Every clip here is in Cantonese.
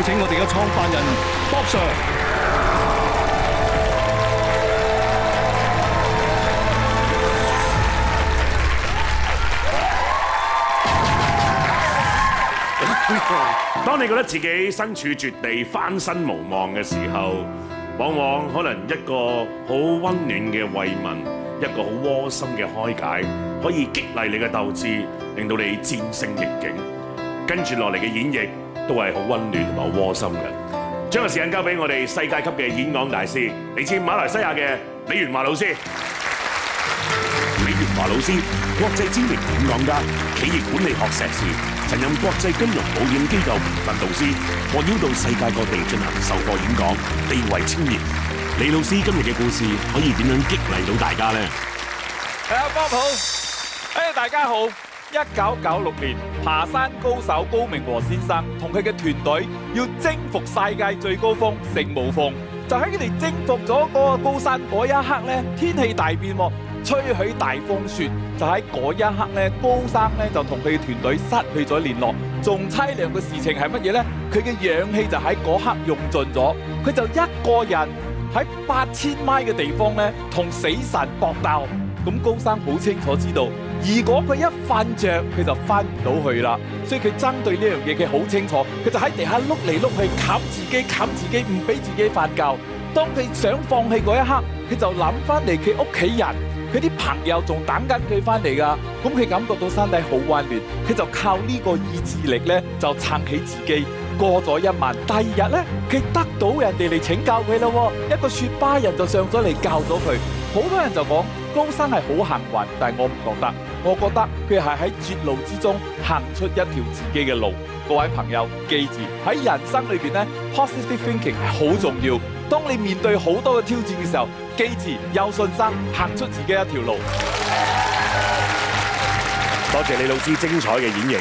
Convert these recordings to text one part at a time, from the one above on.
有請我哋嘅創辦人 Bob Sir。 當你覺得自己身處絕地、翻身無望嘅時候，往往可能一個好温暖嘅慰問，一個好窩心嘅開解，可以激勵你嘅鬥志，令到你戰勝逆境。跟住落嚟嘅演繹，都係好温暖同埋好窩心嘅，將個時間交俾我哋世界級嘅演講大師，嚟自馬來西亞嘅李元華老師。李元華老師，國際知名演講家，企業管理學碩士，曾任國際金融保險機構訓導師，獲邀到世界各地進行授課演講，地位青年。李老師今日嘅故事可以點樣激勵到大家呢？大家好，誒大家好。一九九六年，爬山高手高明和先生同佢嘅團隊要征服世界最高峰聖母峰。就喺佢哋征服咗嗰個高山嗰一刻咧，天氣大變喎，吹起大風雪。就喺嗰一刻咧，高生咧就同佢嘅團隊失去咗聯絡。仲淒涼嘅事情係乜嘢咧？佢嘅氧氣就喺嗰刻用盡咗。佢就一個人喺八千米嘅地方咧，同死神搏鬥。咁高生好清楚知道。而如果佢一瞓着，佢就翻唔到去啦。所以佢針對呢樣嘢，佢好清楚。佢就喺地下碌嚟碌去，冚自己冚自己，唔俾自己瞓覺。當佢想放棄嗰一刻，佢就諗翻嚟佢屋企人，佢啲朋友仲等緊佢翻嚟噶。咁佢感覺到身體好混亂，佢就靠呢個意志力咧，就撐起自己過咗一晚。第二日咧，佢得到人哋嚟請教佢啦。一個雪巴人就上咗嚟教咗佢。好多人就講高生係好幸運，但係我唔覺得。我覺得佢係喺絕路之中行出一條自己嘅路。各位朋友，記住，喺人生裏面咧，positive thinking 係好重要。當你面對好多嘅挑戰嘅時候，記住有信心行出自己一條路。多謝李老師精彩嘅演繹。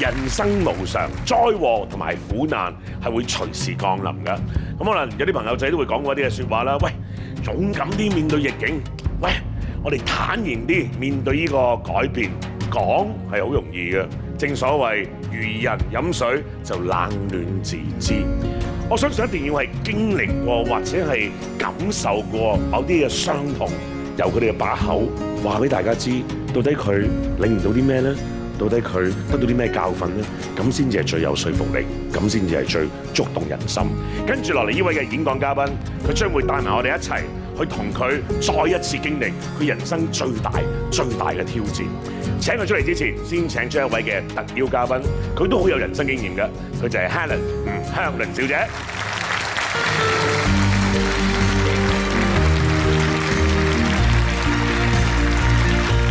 人生無常，災禍同埋苦難係會隨時降臨嘅。咁可能有啲朋友仔都會講過啲嘅說話啦。喂，勇敢啲面對逆境。喂。我哋坦然啲面對呢個改變，講係好容易嘅。正所謂如人飲水就冷暖自知。我相信一定要係經歷過或者係感受過某啲嘅傷痛，由佢哋嘅把口話俾大家知，到底佢領悟到啲咩咧？到底佢得到啲咩教訓咧？咁先至係最有說服力，咁先至係最觸動人心。跟住落嚟呢位嘅演講嘉賓，佢將會帶埋我哋一齊。佢同佢再一次經歷佢人生最大最大嘅挑戰。請佢出嚟之前，先請咗一位嘅特邀嘉賓，佢都好有人生經驗嘅。佢就係 Helen、嗯、香倫小姐。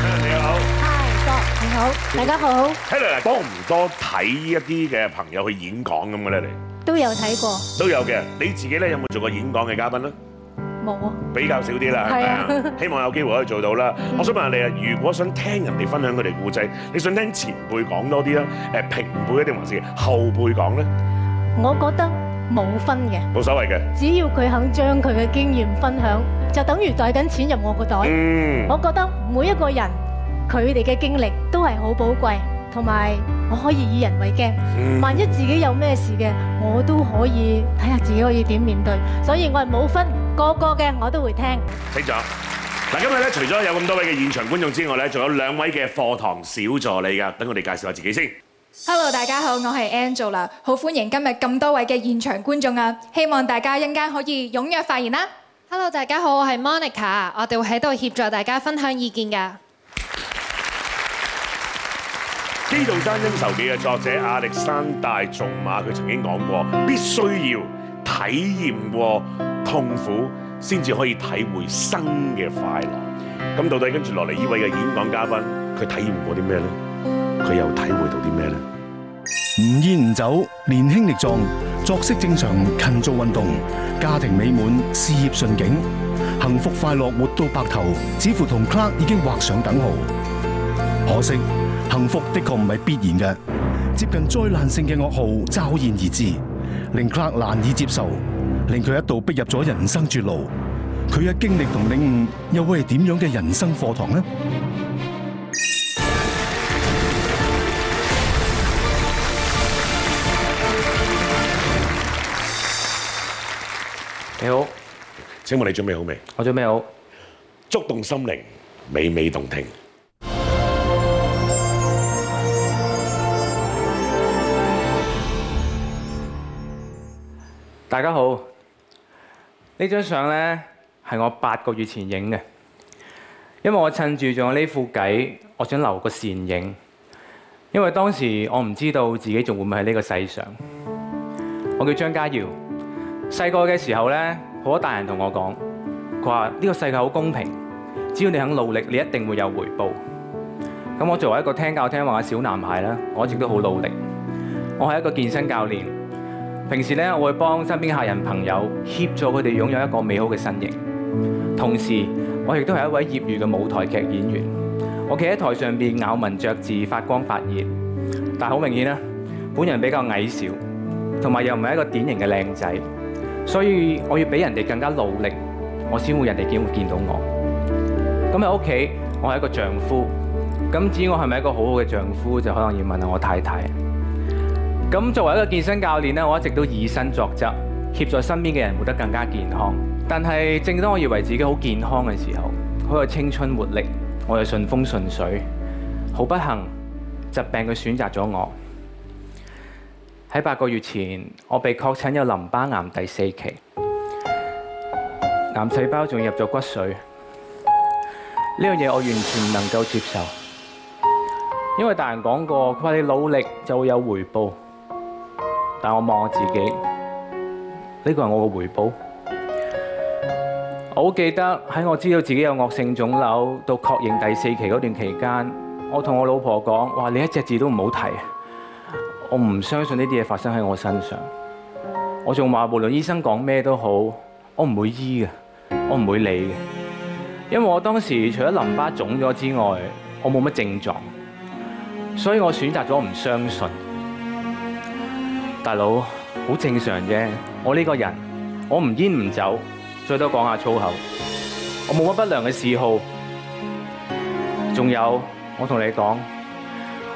Helen，你好，Hi 係，多你好，大家好。Helen，多唔多睇一啲嘅朋友去演講咁嘅咧？你都有睇過，都有嘅。你自己咧，有冇做過演講嘅嘉賓咧？比較少啲啦，希望有機會可以做到啦。我想問下你啊，如果想聽人哋分享佢哋故仔，你想聽前輩講多啲啦？誒，平輩一定還是後輩講咧？我覺得冇分嘅，冇所謂嘅。只要佢肯將佢嘅經驗分享，就等於帶緊錢入我個袋。嗯，我覺得每一個人佢哋嘅經歷都係好寶貴，同埋我可以以人為鏡。嗯，萬一自己有咩事嘅，我都可以睇下自己可以點面對。所以我係冇分。個個嘅我都會聽。請坐嗱，今日咧，除咗有咁多位嘅現場觀眾之外咧，仲有兩位嘅課堂小助理噶，等我哋介紹下自己先。Hello，大家好，我係 Angela，好歡迎今日咁多位嘅現場觀眾啊！希望大家一間可以踴躍發言啦。Hello，大家好，我係 Monica，我哋會喺度協助大家分享意見噶。《基督山恩仇記》嘅作者亞歷山大仲馬佢曾經講過，必須要體驗過，痛苦先至可以體會新嘅快樂。咁到底跟住落嚟呢位嘅演講嘉賓，佢體驗過啲咩咧？佢又體會到啲咩咧？唔煙唔酒，年輕力壯，作息正常，勤做運動，家庭美滿，事業順景，幸福快樂活到白頭，似乎同 Clark 已經畫上等號。可惜幸福的確唔係必然嘅，接近災難性嘅噩耗驟然而至，令 Clark 難以接受。令佢一度逼入咗人生絕路，佢嘅經歷同領悟又會係點樣嘅人生課堂呢？你好，請問你準備好未？我準備好，觸動心靈，娓娓動聽。大家好。呢張相呢，係我八個月前影嘅，因為我趁住仲有呢副計，我想留個倩影。因為當時我唔知道自己仲會唔會喺呢個世上。我叫張嘉耀，細個嘅時候呢，好多大人同我講，佢話呢個世界好公平，只要你肯努力，你一定會有回報。咁我作為一個聽教聽話嘅小男孩咧，我一直都好努力。我係一個健身教練。平時咧，我會幫身邊客人朋友協助佢哋擁有一個美好嘅身形。同時，我亦都係一位業餘嘅舞台劇演員。我企喺台上邊咬文嚼字、發光發熱，但好明顯啦，本人比較矮小，同埋又唔係一個典型嘅靚仔，所以我要俾人哋更加努力，我先會人哋見會見到我。咁喺屋企，我係一個丈夫。咁至於我係咪一個好好嘅丈夫，就可能要問下我太太。咁作為一個健身教練呢，我一直都以身作則，協助身邊嘅人活得更加健康。但係正當我以為自己好健康嘅時候，好有青春活力，我又順風順水，好不幸，疾病佢選擇咗我。喺八個月前，我被確診有淋巴癌第四期，癌細胞仲入咗骨髓。呢樣嘢我完全唔能夠接受，因為大人講過，佢話你努力就會有回報。但我望我自己，呢個係我嘅回報。我好記得喺我知道自己有惡性腫瘤到確認第四期嗰段期間，我同我老婆講，哇！你一隻字都唔好提，我唔相信呢啲嘢發生喺我身上。我仲話無論醫生講咩都好，我唔會醫嘅，我唔會理嘅，因為我當時除咗淋巴腫咗之外，我冇乜症狀，所以我選擇咗唔相信。大佬，好正常啫。我呢個人，我唔煙唔酒，最多講下粗口，我冇乜不良嘅嗜好。仲有，我同你講，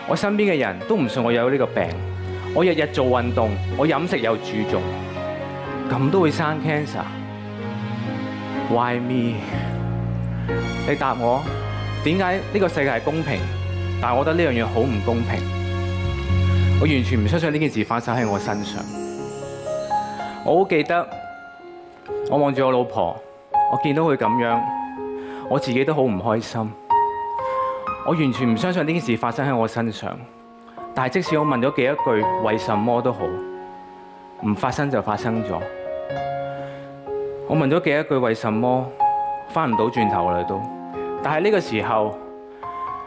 我身邊嘅人都唔信我有呢個病。我日日做運動，我飲食又注重，咁都會生 cancer。Why me？你答我，點解呢個世界係公平？但係我覺得呢樣嘢好唔公平。我完全唔相信呢件事發生喺我身上。我好記得，我望住我老婆，我見到佢咁樣，我自己都好唔開心。我完全唔相信呢件事發生喺我身上。但係即使我問咗幾一句為什麼都好，唔發生就發生咗。我問咗幾一句為什麼，翻唔到轉頭啦都。但係呢個時候，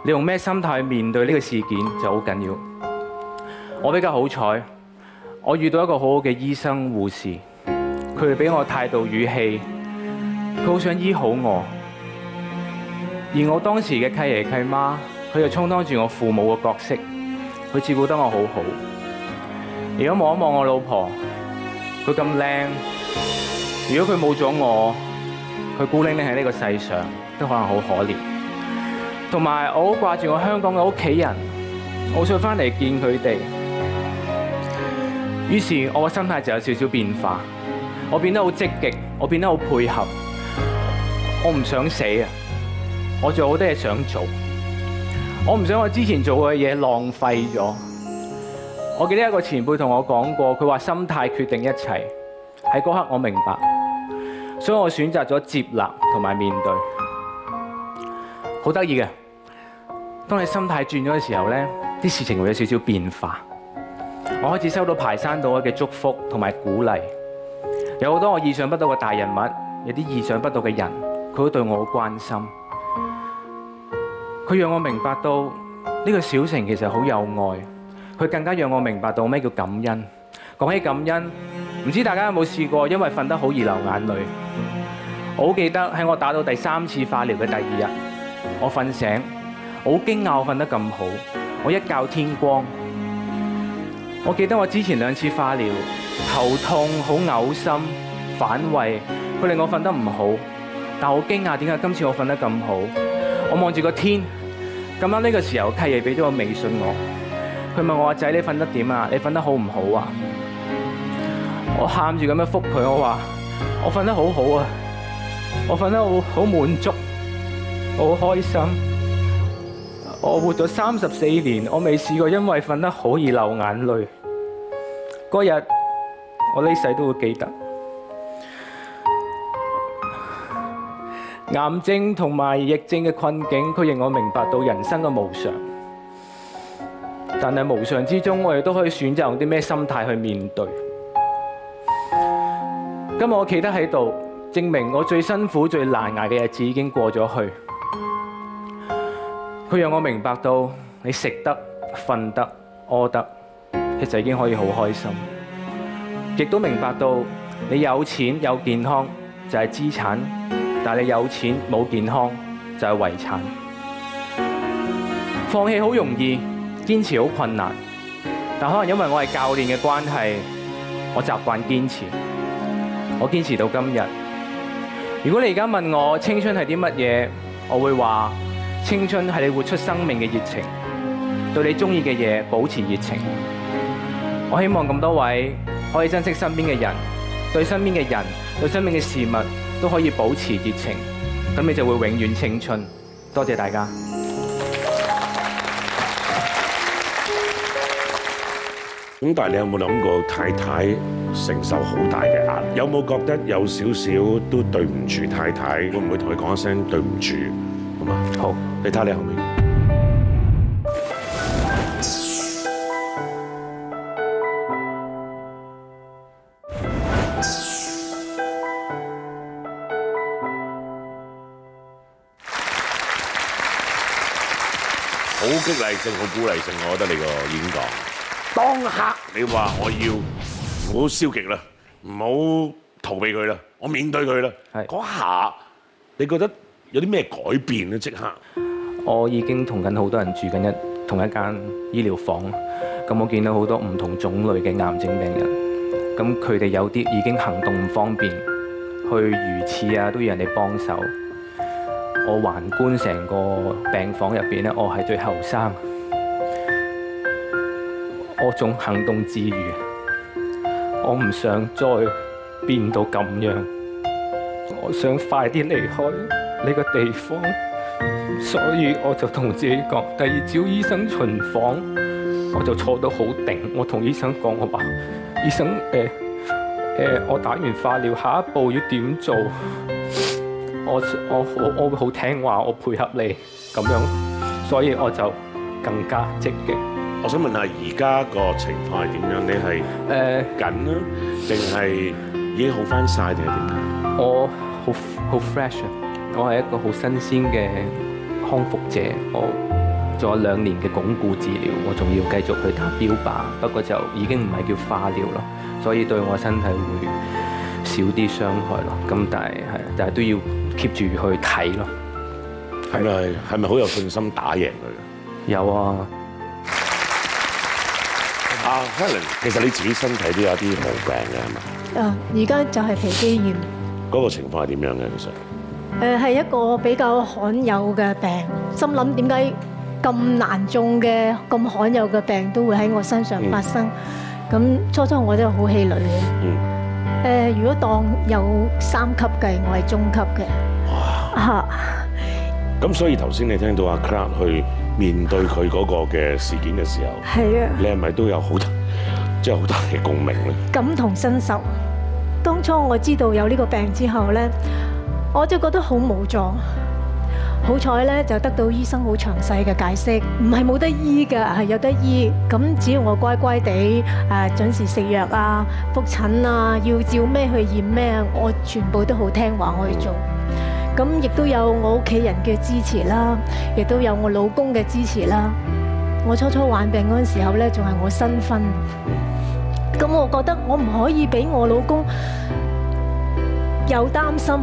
你用咩心態面對呢個事件就好緊要。我比較好彩，我遇到一個好好嘅醫生護士，佢俾我態度語氣，佢好想醫好我。而我當時嘅契爺契媽，佢就充當住我父母嘅角色，佢照顧得我好好。如果望一望我老婆，佢咁靚，如果佢冇咗我，佢孤零零喺呢個世上都可能好可憐。同埋我好掛住我香港嘅屋企人，我想翻嚟見佢哋。於是，我個心態就有少少變化，我變得好積極，我變得好配合我不，我唔想死啊！我仲有好多嘢想做，我唔想我之前做過嘅嘢浪費咗。我記得一個前輩同我講過，佢話心態決定一切。喺嗰刻，我明白，所以我選擇咗接納同埋面對。好得意嘅，當你心態轉咗嘅時候呢，啲事情會有少少變化。我開始收到排山倒海嘅祝福同埋鼓勵，有好多我意想不到嘅大人物，有啲意想不到嘅人，佢都對我好關心。佢讓我明白到呢個小城其實好有愛，佢更加讓我明白到咩叫感恩。講起感恩，唔知大家有冇試過因為瞓得好而流眼淚？我好記得喺我打到第三次化療嘅第二日，我瞓醒，好驚訝我瞓得咁好，我一覺天光。我記得我之前兩次化療，頭痛、好嘔心、反胃，佢令我瞓得唔好。但我好驚訝點解今次我瞓得咁好？我望住個天，咁啱呢個時候契爺俾咗個微信我，佢問我，阿仔你瞓得點啊？你瞓得好唔好啊？我喊住咁樣覆佢，我話我瞓得好好啊，我瞓得好好滿足，好開心。我活咗三十四年，我未試過因為瞓得好而流眼淚。嗰日我呢世都會記得。癌症同埋疫症嘅困境，佢令我明白到人生嘅無常。但係無常之中，我哋都可以選擇用啲咩心態去面對。今日我企得喺度，證明我最辛苦、最難捱嘅日子已經過咗去了。佢讓我明白到你食得、瞓得、屙得，其實已經可以好開心；亦都明白到你有錢有健康就係資產，但係你有錢冇健康就係遺產。放棄好容易，堅持好困難。但可能因為我係教練嘅關係，我習慣堅持，我堅持到今日。如果你而家問我青春係啲乜嘢，我會話。青春係你活出生命嘅熱情，對你中意嘅嘢保持熱情。我希望咁多位可以珍惜身邊嘅人，對身邊嘅人、對身邊嘅事物都可以保持熱情，咁你就會永遠青春。多謝大家。咁但係你有冇諗過太太承受好大嘅壓力？有冇覺得有少少都對唔住太太？會唔會同佢講一聲對唔住？好，你睇你後面，好激勵性、好鼓勵性，我覺得你個演講當刻，你話我要唔好消極啦，唔好逃避佢啦，我面對佢啦。係嗰下，你覺得？有啲咩改變咧？即刻，我已經同緊好多人住緊一同一間醫療房，咁我見到好多唔同種類嘅癌症病人，咁佢哋有啲已經行動唔方便，去如廁啊都要人哋幫手。我環觀成個病房入邊咧，我係最後生，我仲行動自如，我唔想再變到咁樣，我想快啲離開。呢個地方，所以我就同自己講：第二朝醫生巡房，我就坐得好定。我同醫生講：我話醫生誒誒、呃呃，我打完化療，下一步要點做？我我我會好聽話，我配合你咁樣。所以我就更加積極。我想問下，而家個情況係點樣？你係緊啊，定係、呃、已經好翻晒？定係點？我好好 fresh 啊！我係一個好新鮮嘅康復者，我做咗兩年嘅鞏固治療，我仲要繼續去打標靶，不過就已經唔係叫化療咯，所以對我身體會少啲傷害咯。咁但係係，但係都要 keep 住去睇咯。係咪係咪好有信心打贏佢？有啊。阿 Helen，其實你自己身體都有啲毛病嘅係嘛？誒，而家就係皮肌炎。嗰個情況係點樣嘅其實？誒，係一個比較罕有嘅病，心諗點解咁難中嘅、咁罕有嘅病都會喺我身上發生？咁初初我都好氣餒嘅。誒，如果當有三級計，我係中級嘅。嘩！咁所以頭先你聽到阿 Claud 去面對佢嗰個嘅事件嘅時候，係啊，你係咪都有好多即係好多嘅共鳴咧？感同身受。當初我知道有呢個病之後咧。我就覺得好無助，好彩咧就得到醫生好詳細嘅解釋，唔係冇得醫嘅，係有得醫。咁只要我乖乖地誒準時食藥啊、覆診啊，要照咩去驗咩，我全部都好聽話我去做。咁亦都有我屋企人嘅支持啦，亦都有我老公嘅支持啦。我初初患病嗰陣時候咧，仲係我新婚，咁我覺得我唔可以俾我老公又擔心。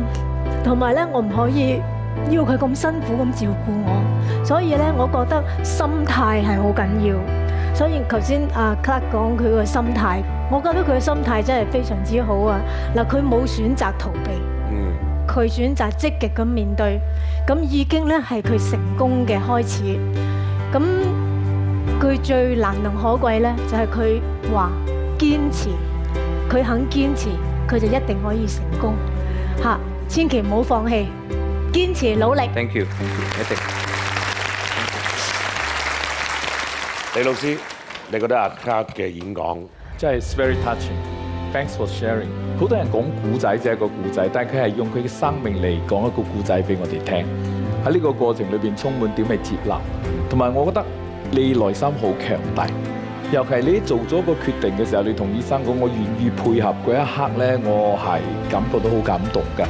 同埋咧，我唔可以要佢咁辛苦咁照顧我，所以咧，我覺得心態係好緊要。所以頭先阿 Clark 講佢個心態，我覺得佢嘅心態真係非常之好啊！嗱，佢冇選擇逃避，佢選擇積極咁面對，咁已經咧係佢成功嘅開始。咁佢最難能可貴咧，就係佢話堅持，佢肯堅持，佢就一定可以成功嚇。千祈唔好放棄，堅持努力。Thank you，一定。李老師，你覺得阿卡嘅演講真係 very touching。Thanks for sharing。好多人講古仔，只係個古仔，但係佢係用佢嘅生命嚟講一個古仔俾我哋聽。喺呢個過程裏邊充滿點嘅接納，同埋我覺得你內心好強大。尤其係你做咗個決定嘅時候，你同醫生講我願意配合嗰一刻咧，我係感覺到好感動嘅。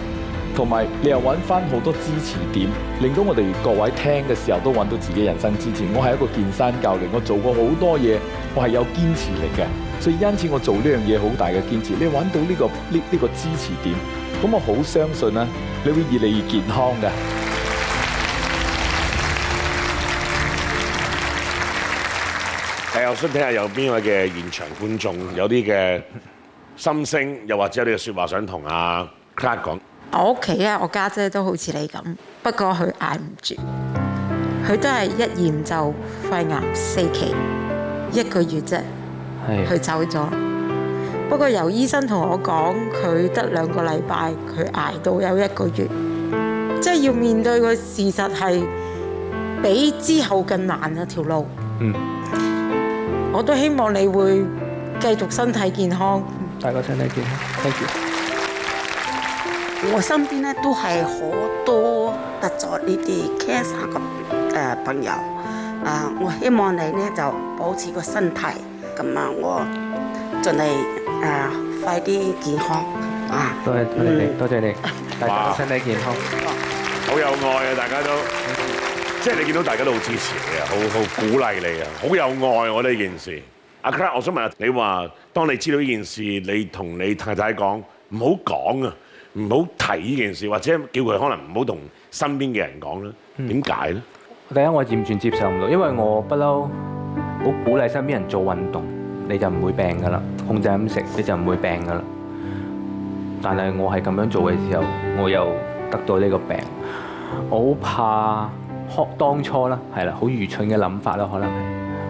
同埋，你又揾翻好多支持點，令到我哋各位聽嘅時候都揾到自己人生支持。我係一個健身教練，我做過好多嘢，我係有堅持力嘅，所以因此我做呢樣嘢好大嘅堅持你，呢個。你揾到呢個呢呢，呢個支持點，咁我好相信啦，你會越嚟越健康嘅。誒，我想睇下有邊位嘅現場觀眾有啲嘅心聲，又或者有啲嘅説話想同阿 Claud 講？我屋企咧，我家姐都好似你咁，不過佢捱唔住，佢都係一驗就肺癌四期，一個月啫，佢是的 走咗。不過由醫生同我講，佢得兩個禮拜，佢捱到有一個月，即係要面對個事實係比之後更難啊條路。嗯，我都希望你會繼續身體健康。大家身體健康，多謝。我身邊咧都係好多得咗呢啲 cancer 嘅，誒朋友啊！我希望你咧就保持個身體咁啊！我盡力誒快啲健康啊！多謝多謝多謝你，大家個身體健康，好有愛啊！大家都即係你見到大家都好支持你啊，好好鼓勵你啊，好有愛！我呢件事，阿 Claude，我想問下，你話當你知道呢件事，你同你太太講唔好講啊？唔好提呢件事，或者叫佢可能唔好同身邊嘅人講啦。點解呢？第一，我完全接受唔到，因為我不嬲好鼓勵身邊人做運動，你就唔會病噶啦；控制飲食，你就唔會病噶啦。但係我係咁樣做嘅時候，我又得到呢個病。我好怕，當初啦，係啦，好愚蠢嘅諗法啦，可能係。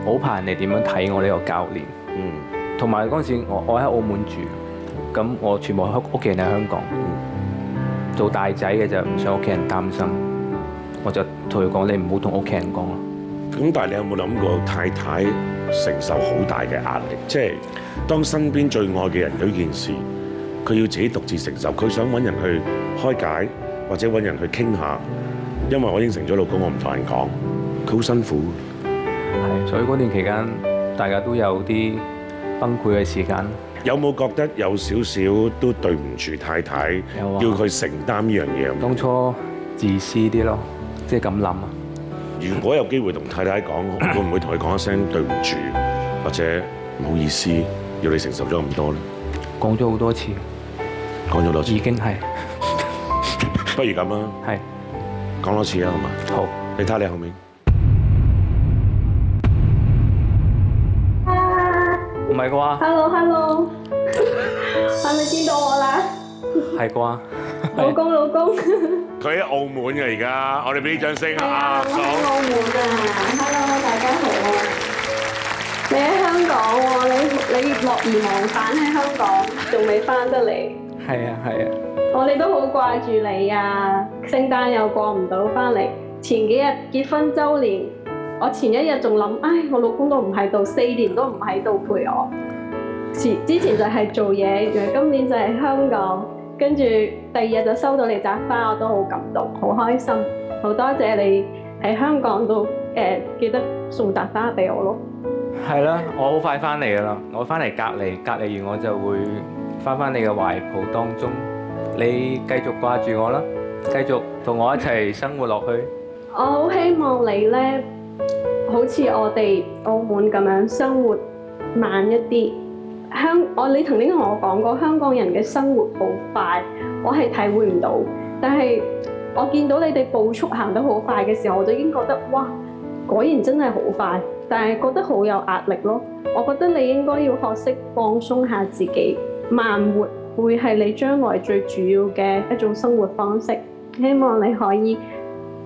好怕人哋點樣睇我呢個教練，同埋嗰陣時我我喺澳門住。咁我全部屋屋企人喺香港，做大仔嘅就唔想屋企人擔心，我就同佢講：「你唔好同屋企人講咯。」咁但係你有冇諗過太太承受好大嘅壓力？即係當身邊最愛嘅人有一件事，佢要自己獨自承受，佢想揾人去開解，或者揾人去傾下。因為我應承咗老公，我唔同人講，佢好辛苦。係，所以嗰段期間大家都有啲崩潰嘅時間。有冇覺得有少少都對唔住太太，要佢承擔呢樣嘢？當初自私啲咯，即係咁諗啊！如果有機會同太太講，我會唔會同佢講一聲對唔住，或者唔好意思，要你承受咗咁多咧？講咗好多次，講咗多次，已經係。不如咁啦，係講多次啊，好嘛？好，你睇下你後面。唔係啩？Hello，Hello，係咪見到我啦？係啩？老公，老公，佢喺澳門嘅而家，我哋俾啲掌聲啊！我喺澳門啊，Hello，大家好。你喺香港喎，你你樂而忘返喺香港，仲未翻得嚟。係啊，係啊。我哋都好掛住你啊！聖誕又過唔到翻嚟，前幾日結婚週年。我前一日仲諗，唉，我老公都唔喺度，四年都唔喺度陪我。前之前就係做嘢，今年就喺香港，跟住第二日就收到你紮花，我都好感動，好開心，好多謝你喺香港度誒記得送扎花俾我咯。係啦，我好快翻嚟噶啦，我翻嚟隔離，隔離完我就會翻翻你嘅懷抱當中，你繼續掛住我啦，繼續同我一齊生活落去。我好希望你咧～好似我哋澳門咁樣生活慢一啲，香我你曾經同我講過，香港人嘅生活好快，我係體會唔到。但係我見到你哋步速行得好快嘅時候，我就已經覺得哇，果然真係好快，但係覺得好有壓力咯。我覺得你應該要學識放鬆下自己，慢活會係你將來最主要嘅一種生活方式。希望你可以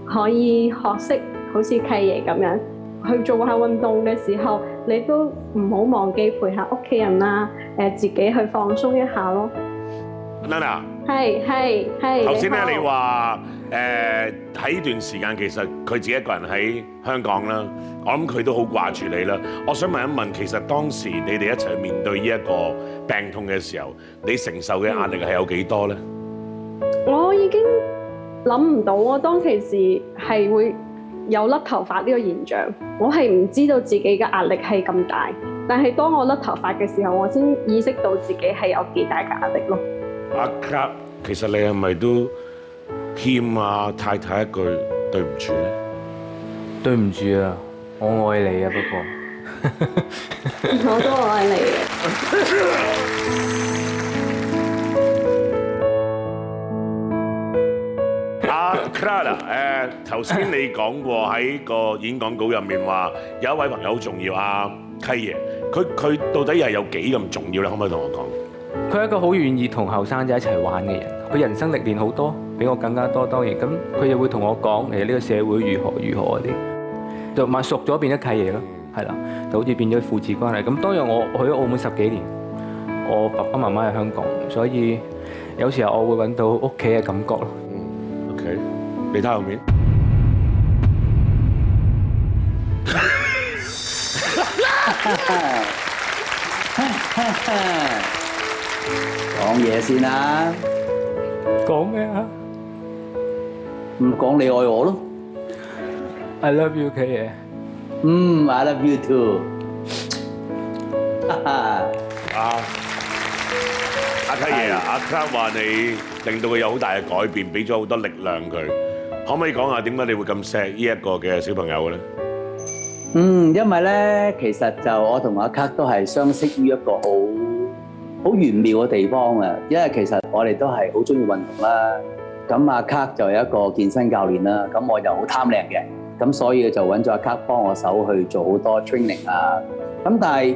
可以學識。好似契爺咁樣去做下運動嘅時候，你都唔好忘記陪下屋企人啦！誒，自己去放鬆一下咯。Nana 係係係。頭先咧，你話誒喺呢段時間，其實佢自己一個人喺香港啦，我諗佢都好掛住你啦。我想問一問，其實當時你哋一齊去面對呢一個病痛嘅時候，你承受嘅壓力係有幾多咧？我已經諗唔到，我當其時係會有甩頭髮呢個現象，我係唔知道自己嘅壓力係咁大，但係當我甩頭髮嘅時候，我先意識到自己係有幾大嘅壓力咯。阿卡，其實你係咪都欠阿太太一句對唔住咧？對唔住啊，我愛你啊，不過 我都愛你啊。Claire，誒頭先你講過喺個演講稿入面話，有一位朋友好重要啊，契爺，佢佢到底係有幾咁重要？你可唔可以同我講？佢係一個好願意同後生仔一齊玩嘅人，佢人生歷練好多，比我更加多。當然，咁佢又會同我講，其實呢個社會如何如何嗰啲，就慢慢熟咗變咗契爺咯，係啦，就好似變咗父子關係。咁當日我去咗澳門十幾年，我爸爸媽媽喺香港，所以有時候我會揾到屋企嘅感覺咯。嗯，OK。睇下後面。講嘢先啦。講咩啊？唔講你愛我咯。I love you，契爺。嗯，I love you too。阿阿契爺啊，阿 Kay 話你令到佢有好大嘅改變，俾咗好多力量佢。可唔可以講下點解你會咁錫呢一個嘅小朋友嘅咧？嗯，因為咧，其實就我同阿卡都係相識於一個好好玄妙嘅地方啊！因為其實我哋都係好中意運動啦。咁阿卡就係一個健身教練啦。咁我又好貪靚嘅，咁所以就揾咗阿卡幫我手去做好多 training 啊。咁但係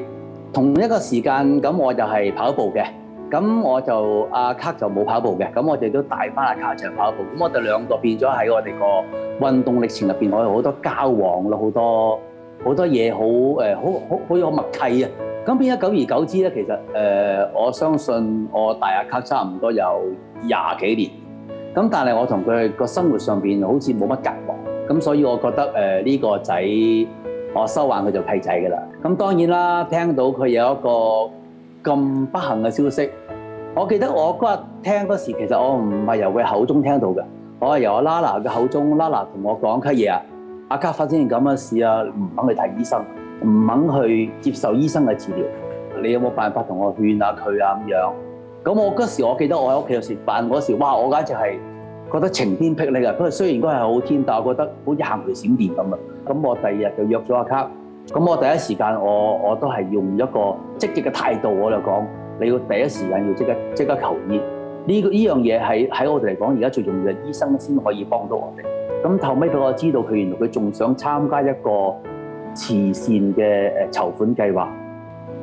同一個時間，咁我就係跑步嘅。咁我就阿、啊、卡就冇跑步嘅，咁我哋都大翻阿卡一齊跑步。咁我哋兩個變咗喺我哋個運動歷程入邊，我有好多交往咯，好多好多嘢好誒，好好好有默契啊！咁變咗久而久之咧，其實誒、呃，我相信我大阿卡差唔多有廿幾年，咁但係我同佢個生活上邊好似冇乜隔膜，咁所以我覺得誒呢、呃這個仔我收還佢就契仔㗎啦。咁當然啦，聽到佢有一個咁不幸嘅消息，我記得我嗰日聽嗰時，其實我唔係由佢口中聽到嘅，我係由阿 Lala 嘅口中，Lala 同我講啲嘢啊，阿卡發生咁嘅事啊，唔肯去睇醫生，唔肯去接受醫生嘅治療，你有冇辦法同我勸下佢啊咁樣？咁我嗰時我記得我喺屋企度食飯嗰時，哇！我簡直係覺得晴天霹靂啊，不過雖然都係好天，但係我覺得好似行雷閃電咁啊！咁我第二日就約咗阿卡。咁我第一時間，我我都係用一個積極嘅態度，我就講，你要第一時間要即刻即刻求醫。呢個呢樣嘢係喺我哋嚟講，而家最重要嘅醫生先可以幫到我哋。咁後尾，佢我知道佢原來佢仲想參加一個慈善嘅誒籌款計劃。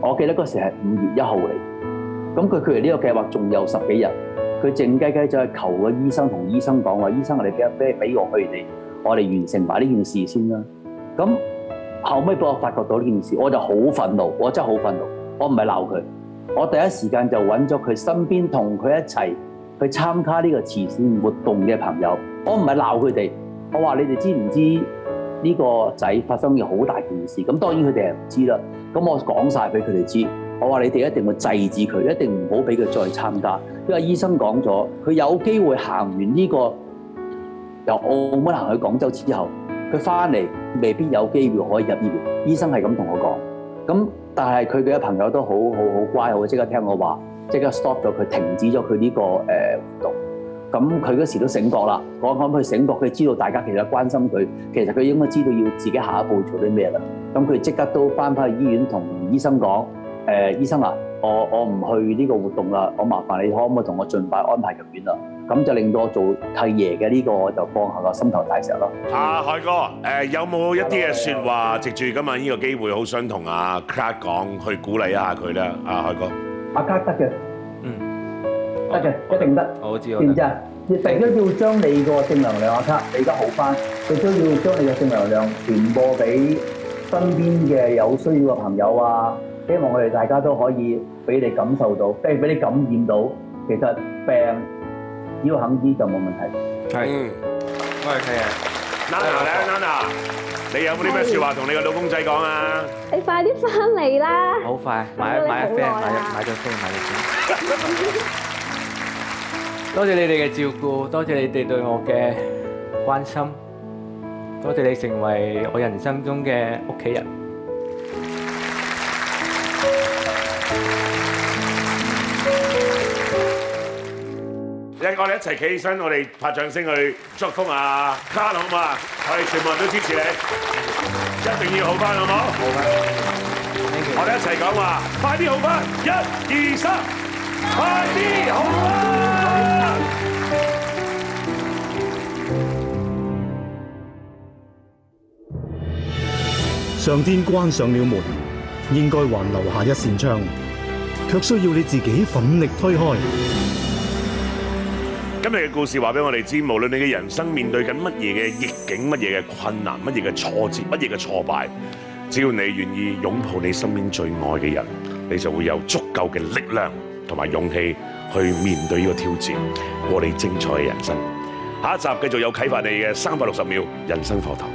我記得嗰時係五月一號嚟，咁佢佢離呢個計劃仲有十幾日，佢靜雞雞就係求個醫生同醫生講話，醫生我哋俾俾俾我佢哋，我哋完成埋呢件事先啦。咁後尾俾我發覺到呢件事，我就好憤怒，我真係好憤怒。我唔係鬧佢，我第一時間就揾咗佢身邊同佢一齊去參加呢個慈善活動嘅朋友。我唔係鬧佢哋，我話你哋知唔知呢個仔發生咗好大件事？咁當然佢哋係唔知啦。咁我講晒俾佢哋知，我話你哋一定要制止佢，一定唔好俾佢再參加。因為醫生講咗，佢有機會行完呢個由澳門行去廣州之後，佢翻嚟未必有機會可以入醫院，醫生係咁同我講。咁但係佢嘅朋友都好好好乖，好即刻聽我話，即刻 stop 咗佢，停止咗佢呢個誒、呃、活動。咁佢嗰時都醒覺啦，講講佢醒覺，佢知道大家其實關心佢，其實佢應該知道要自己下一步做啲咩啦。咁佢即刻都翻返去醫院同醫生講，誒、呃、醫生啊，我我唔去呢個活動啦，我麻煩你可唔可以同我儘快安排入院啦？咁就令到我做契爺嘅呢個就放下個心頭大石咯、嗯啊。阿海哥，誒有冇一啲嘅説話，的藉住今日呢個機會，好想同阿 Clark 講，去鼓勵一下佢咧。阿、啊、海哥，阿 Clark 得嘅，嗯，得嘅，好一定得。我知我知。變質，你第一要將你個正能量，阿 Clark，你而家好翻，佢需要將你嘅正能量傳播俾身邊嘅有需要嘅朋友啊。希望我哋大家都可以俾你感受到，即係俾你感染到，其實病。只要肯知就冇問題。係，我係 K 人。Nana 咧，Nana，你有冇啲咩説話同你個老公仔講啊？你快啲翻嚟啦！好快，買一買一飛，買咗買咗飛，買咗飛。多謝你哋嘅照顧，多謝你哋對我嘅關心，多謝你成為我人生中嘅屋企人。我哋一齊企起身，我哋拍掌聲去祝福啊！嘉耀嘛。啊！我哋全部人都支持你，一定要好翻，好唔好？好嘅，好謝謝我哋一齊講話，快啲好翻！一、二、三，快啲好翻！上天關上了門，應該還留下一扇窗，卻需要你自己奮力推開。今日嘅故事話俾我哋知，無論你嘅人生面對緊乜嘢嘅逆境、乜嘢嘅困難、乜嘢嘅挫折、乜嘢嘅挫敗，只要你願意擁抱你身邊最愛嘅人，你就會有足夠嘅力量同埋勇氣去面對呢個挑戰，過你精彩嘅人生。下一集繼續有啟發你嘅三百六十秒人生課堂。